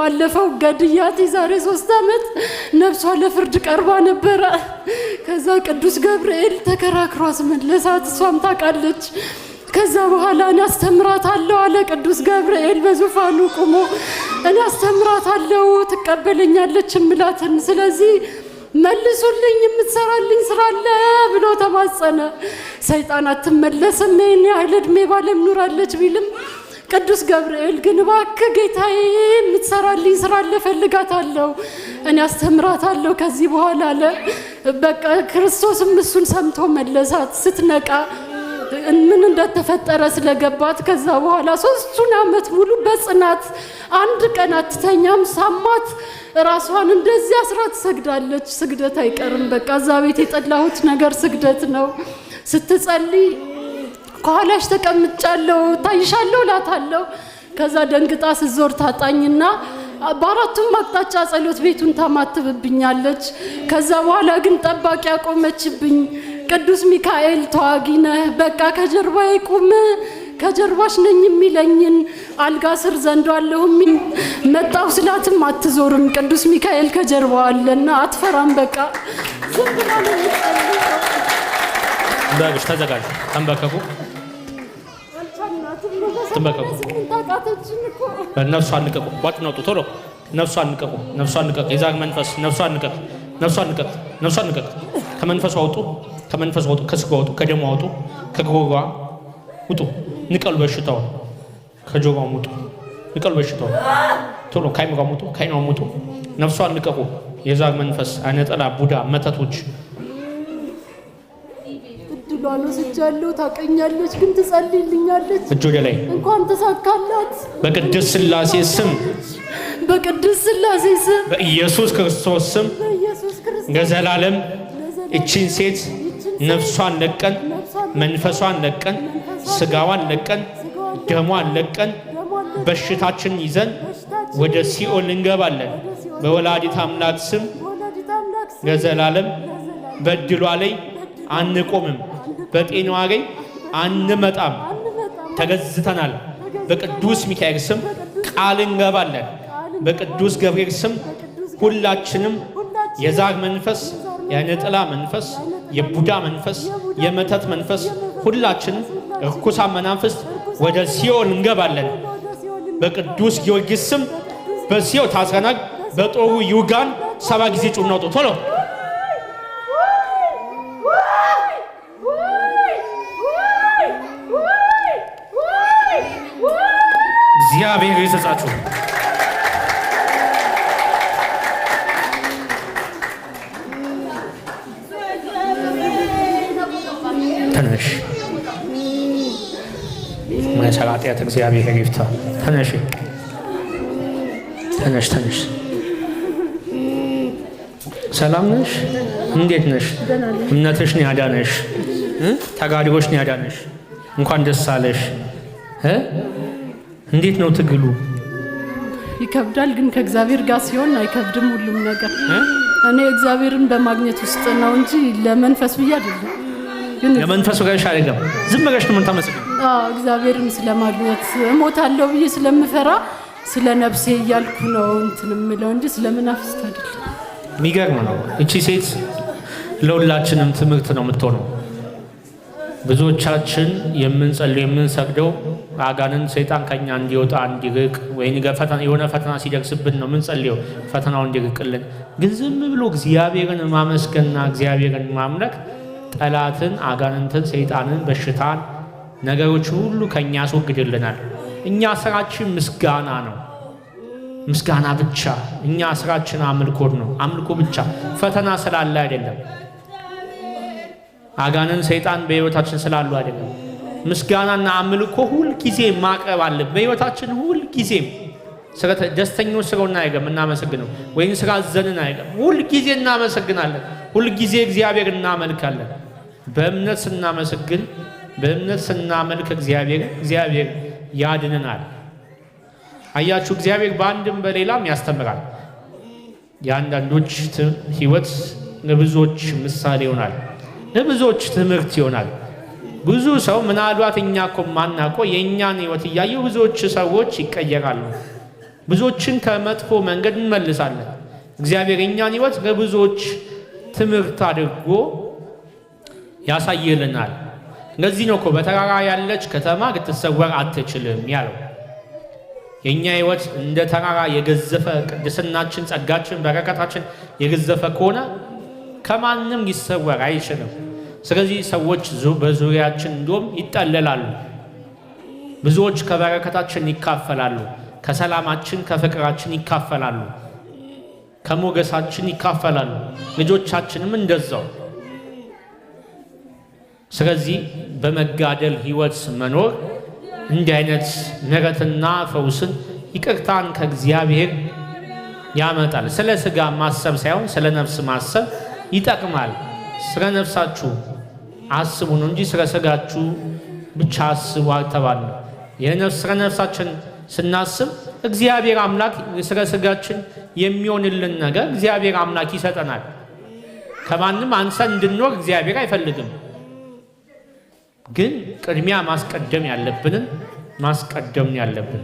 ባለፈው ገድያት የዛሬ ሶስት ዓመት ነፍሷ ለፍርድ ቀርባ ነበረ። ከዛ ቅዱስ ገብርኤል ተከራክሮ አስመለሳት። እሷም ታውቃለች። ከዛ በኋላ እኔ አስተምራታለሁ አለ ቅዱስ ገብርኤል በዙፋኑ ቆሞ። እኔ አስተምራታለሁ ትቀበለኛለች እምላትን። ስለዚህ መልሱልኝ የምትሰራልኝ ስራ አለ ብሎ ተማጸነ። ሰይጣን አትመለስም ይህን ያህል ዕድሜ ባለም ኑራለች ቢልም ቅዱስ ገብርኤል ግን እባክህ ጌታዬ የምትሰራልኝ ስራ እፈልጋታለሁ፣ እኔ አስተምራታለሁ ከዚህ በኋላ አለ። በቃ ክርስቶስም እሱን ሰምቶ መለሳት። ስትነቃ ምን እንደተፈጠረ ስለገባት ከዛ በኋላ ሶስቱን አመት ሙሉ በጽናት አንድ ቀን አትተኛም። ሳማት ራሷን እንደዚህ አስራ ትሰግዳለች። ስግደት አይቀርም። በቃ እዛ ቤት የጠላሁት ነገር ስግደት ነው ስትጸልይ ከኋላሽ ተቀምጫለሁ ታይሻለሁ እላታለሁ። ከዛ ደንግጣ ስዞር ታጣኝና በአራቱም አቅጣጫ ጸሎት ቤቱን ታማትብብኛለች። ከዛ በኋላ ግን ጠባቂ ያቆመችብኝ። ቅዱስ ሚካኤል ተዋጊ ነህ፣ በቃ ከጀርባዬ ቁም፣ ከጀርባሽ ነኝ የሚለኝን አልጋ ስር ዘንዶ አለሁም መጣሁ ስላትም አትዞርም፣ ቅዱስ ሚካኤል ከጀርባ አለና አትፈራም። በቃ ዝም ብላ ነው። ተዘጋጅ፣ ተንበርከኩ ትመቀቁ። ነፍሷን ንቀቁ። ቧጭን አውጡ ቶሎ። ነፍሷን ንቀቁ። ነፍሷን ንቀቅ። የዛግ መንፈስ ነፍሷን ነፍሷን ነፍሷን ከመንፈሱ አውጡ። ከመንፈሱ አውጡ። ከስጋ አውጡ። ከደሙ አውጡ። ከጎጓ ውጡ። ንቀሉ ውጡ። ንቀሉ ቶሎ ከአይምሯም ውጡ። ከአይኗም ውጡ። ነፍሷን ንቀቁ። የዛግ መንፈስ፣ አይነ ቡዳ፣ መተቶች ልጇን ወስጃለሁ። ታቀኛለች፣ ግን ትጸልይልኛለች። እጅ ወደ ላይ እንኳን ተሳካላት። በቅዱስ ስላሴ ስም በቅዱስ ስላሴ ስም በኢየሱስ ክርስቶስ ስም ለዘላለም እቺን ሴት ነፍሷን ለቀን፣ መንፈሷን ለቀን ስጋዋን ለቀን ደሟን ለቀን በሽታችን ይዘን ወደ ሲኦል እንገባለን። በወላዲት አምላክ ስም ለዘላለም በድሏ ላይ አንቆምም። በጤናዋ አገኝ አንመጣም፣ ተገዝተናል። በቅዱስ ሚካኤል ስም ቃል እንገባለን። በቅዱስ ገብርኤል ስም ሁላችንም የዛር መንፈስ፣ የነጥላ መንፈስ፣ የቡዳ መንፈስ፣ የመተት መንፈስ ሁላችን እርኩሳን መናፍስት ወደ ሲኦል እንገባለን። በቅዱስ ጊዮርጊስ ስም በሲኦል ታስረናል። በጦሩ ይውጋን። ሰባ ጊዜ ጩኸት ቶሎ እግዚአብሔር ይሰጻችሁ። ተነሽ ማይሰራ ኃጢአት እግዚአብሔር ይፍታ። ተነሽ ተነሽ ተነሽ። ሰላም ነሽ? እንዴት ነሽ? እምነትሽ ነው ያዳነሽ፣ ተጋድሎሽ ነው ያዳነሽ። እንኳን ደስ አለሽ። እንዴት ነው ትግሉ? ይከብዳል፣ ግን ከእግዚአብሔር ጋር ሲሆን አይከብድም ሁሉም ነገር። እኔ እግዚአብሔርን በማግኘት ውስጥ ነው እንጂ ለመንፈስ ብዬ አይደለም። ለመንፈሱ ጋር አይገባም። ዝም ብለሽ ነው የምታመሰግነው። እግዚአብሔርን ስለማግኘት እሞታለሁ ብዬ ስለምፈራ ስለ ነፍሴ እያልኩ ነው እንትን የምለው እንጂ ስለ አይደለም። የሚገርም ነው። እቺ ሴት ለሁላችንም ትምህርት ነው የምትሆነው። ብዙዎቻችን የምንጸልዩ የምንሰግደው አጋንን ሰይጣን ከኛ እንዲወጣ እንዲርቅ፣ ወይ የሆነ ፈተና ሲደርስብን ነው የምንጸልየው ፈተናው እንዲርቅልን። ግን ዝም ብሎ እግዚአብሔርን ማመስገንና እግዚአብሔርን ማምለክ ጠላትን፣ አጋንንትን፣ ሰይጣንን፣ በሽታን፣ ነገሮች ሁሉ ከኛ ያስወግድልናል። እኛ ስራችን ምስጋና ነው ምስጋና ብቻ። እኛ ስራችን አምልኮ ነው አምልኮ ብቻ። ፈተና ስላለ አይደለም አጋንን ሰይጣን በህይወታችን ስላሉ አይደለም። ምስጋናና አምልኮ ሁል ጊዜ ማቅረብ አለ በህይወታችን ሁል ጊዜም ደስተኞች ስለሆን አይቀርም እናመሰግነው፣ ወይም ስላዘንን ሁል ጊዜ እናመሰግናለን። ሁል ጊዜ እግዚአብሔር እናመልካለን። በእምነት ስናመሰግን፣ በእምነት ስናመልክ እግዚአብሔር እግዚአብሔር ያድነናል። አያችሁ፣ እግዚአብሔር በአንድም በሌላም ያስተምራል። የአንዳንዶች ህይወት ለብዙዎች ምሳሌ ይሆናል። ለብዙዎች ትምህርት ይሆናል። ብዙ ሰው ምናልባት እኛ እኮ ማናውቀው የእኛን ህይወት እያዩ ብዙዎች ሰዎች ይቀየራሉ። ብዙዎችን ከመጥፎ መንገድ እንመልሳለን። እግዚአብሔር የእኛን ህይወት ለብዙዎች ትምህርት አድርጎ ያሳይልናል። እንደዚህ ነው እኮ በተራራ ያለች ከተማ ልትሰወር አትችልም ያለው። የእኛ ህይወት እንደ ተራራ የገዘፈ ቅድስናችን፣ ጸጋችን፣ በረከታችን የገዘፈ ከሆነ ከማንም ሊሰወር አይችልም። ስለዚህ ሰዎች በዙሪያችን እንዲሁም ይጠለላሉ። ብዙዎች ከበረከታችን ይካፈላሉ፣ ከሰላማችን ከፍቅራችን ይካፈላሉ፣ ከሞገሳችን ይካፈላሉ። ልጆቻችንም እንደዛው። ስለዚህ በመጋደል ህይወት መኖር እንዲህ አይነት ምሕረትና ፈውስን ይቅርታን ከእግዚአብሔር ያመጣል። ስለ ስጋ ማሰብ ሳይሆን ስለ ነፍስ ማሰብ ይጠቅማል። ስለ ነፍሳችሁ አስቡ ነው እንጂ ስለ ስጋችሁ ብቻ አስቡ አልተባልንም። የነፍስ ስለ ነፍሳችን ስናስብ እግዚአብሔር አምላክ ስለ ስጋችን የሚሆንልን ነገር እግዚአብሔር አምላክ ይሰጠናል። ከማንም አንሰን እንድንኖር እግዚአብሔር አይፈልግም። ግን ቅድሚያ ማስቀደም ያለብንን ማስቀደም ያለብን